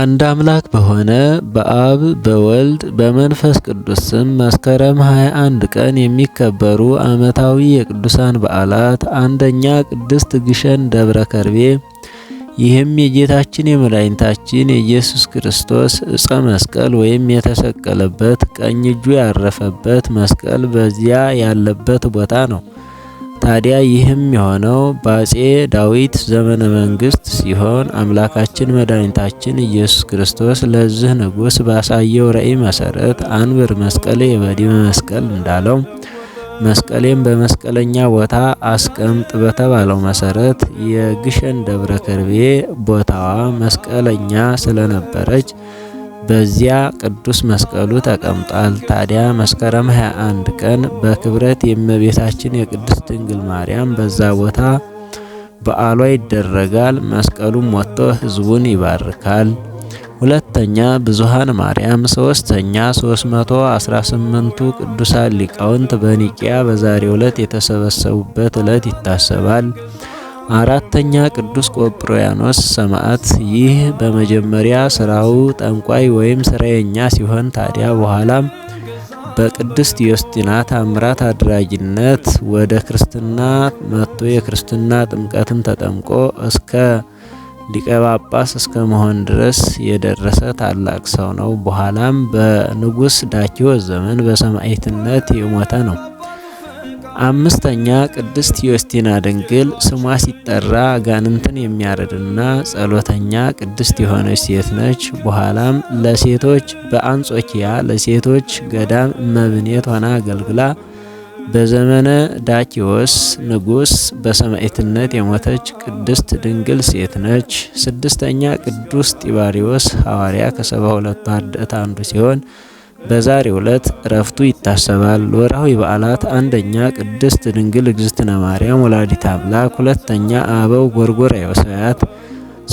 አንድ አምላክ በሆነ በአብ በወልድ በመንፈስ ቅዱስ ስም መስከረም 21 ቀን የሚከበሩ ዓመታዊ የቅዱሳን በዓላት፣ አንደኛ ቅድስት ግሸን ደብረ ከርቤ። ይህም የጌታችን የመድኃኒታችን የኢየሱስ ክርስቶስ እፀ መስቀል ወይም የተሰቀለበት ቀኝ እጁ ያረፈበት መስቀል በዚያ ያለበት ቦታ ነው። ታዲያ ይህም የሆነው በአጼ ዳዊት ዘመነ መንግስት ሲሆን አምላካችን መድኃኒታችን ኢየሱስ ክርስቶስ ለዚህ ንጉስ ባሳየው ራእይ መሰረት አንብር መስቀሌ የበዲመ መስቀል እንዳለው መስቀሌም በመስቀለኛ ቦታ አስቀምጥ በተባለው መሰረት የግሸን ደብረ ከርቤ ቦታዋ መስቀለኛ ስለነበረች በዚያ ቅዱስ መስቀሉ ተቀምጧል። ታዲያ መስከረም 21 ቀን በክብረት የእመቤታችን የቅድስት ድንግል ማርያም በዛ ቦታ በዓሏ ይደረጋል። መስቀሉም ወጥቶ ሕዝቡን ይባርካል። ሁለተኛ ብዙሃን ማርያም፣ ሶስተኛ 318ቱ ቅዱሳን ሊቃውንት በኒቂያ በዛሬው ዕለት የተሰበሰቡበት ዕለት ይታሰባል። አራተኛ ቅዱስ ቆጵሮያኖስ ሰማዕት። ይህ በመጀመሪያ ስራው ጠንቋይ ወይም ስራየኛ ሲሆን ታዲያ በኋላም በቅድስት ዮስጢና ታምራት አድራጊነት ወደ ክርስትና መጥቶ የክርስትና ጥምቀትን ተጠምቆ እስከ ሊቀ ጳጳስ እስከ መሆን ድረስ የደረሰ ታላቅ ሰው ነው። በኋላም በንጉሥ ዳኪዎስ ዘመን በሰማዕትነት የሞተ ነው። አምስተኛ ቅድስት ዮስቲና ድንግል ስሟ ሲጠራ አጋንንትን የሚያረድና ጸሎተኛ ቅድስት የሆነች ሴት ነች። በኋላም ለሴቶች በአንጾኪያ ለሴቶች ገዳም መብኔት ሆና አገልግላ በዘመነ ዳኪዎስ ንጉሥ በሰማዕትነት የሞተች ቅድስት ድንግል ሴት ነች። ስድስተኛ ቅዱስ ጢባሪዎስ ሐዋርያ ከሰባ ሁለቱ አርድእት አንዱ ሲሆን በዛሬ ዕለት እረፍቱ ይታሰባል። ወርሃዊ በዓላት አንደኛ ቅድስት ድንግል እግዝእትነ ማርያም ወላዲተ አምላክ፣ ሁለተኛ አበው ይወሰያት፣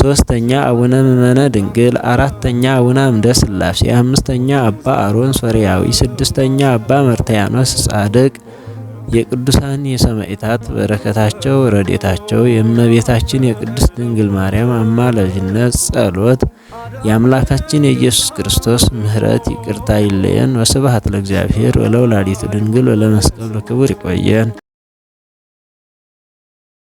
ሶስተኛ አቡነ ምመነ ድንግል፣ አራተኛ አቡነ አምደ ስላሴ፣ አምስተኛ አባ አሮን ሶርያዊ፣ ስድስተኛ አባ መርትያኖስ ጻድቅ። የቅዱሳን የሰማዕታት በረከታቸው ረዴታቸው የእመቤታችን የቅድስት ድንግል ማርያም አማላጅነት ጸሎት የአምላካችን የኢየሱስ ክርስቶስ ምሕረት ይቅርታ ይለየን። ወስብሐት ለእግዚአብሔር ወለወላዲቱ ድንግል ወለመስቀሉ ክቡር። ይቆየን።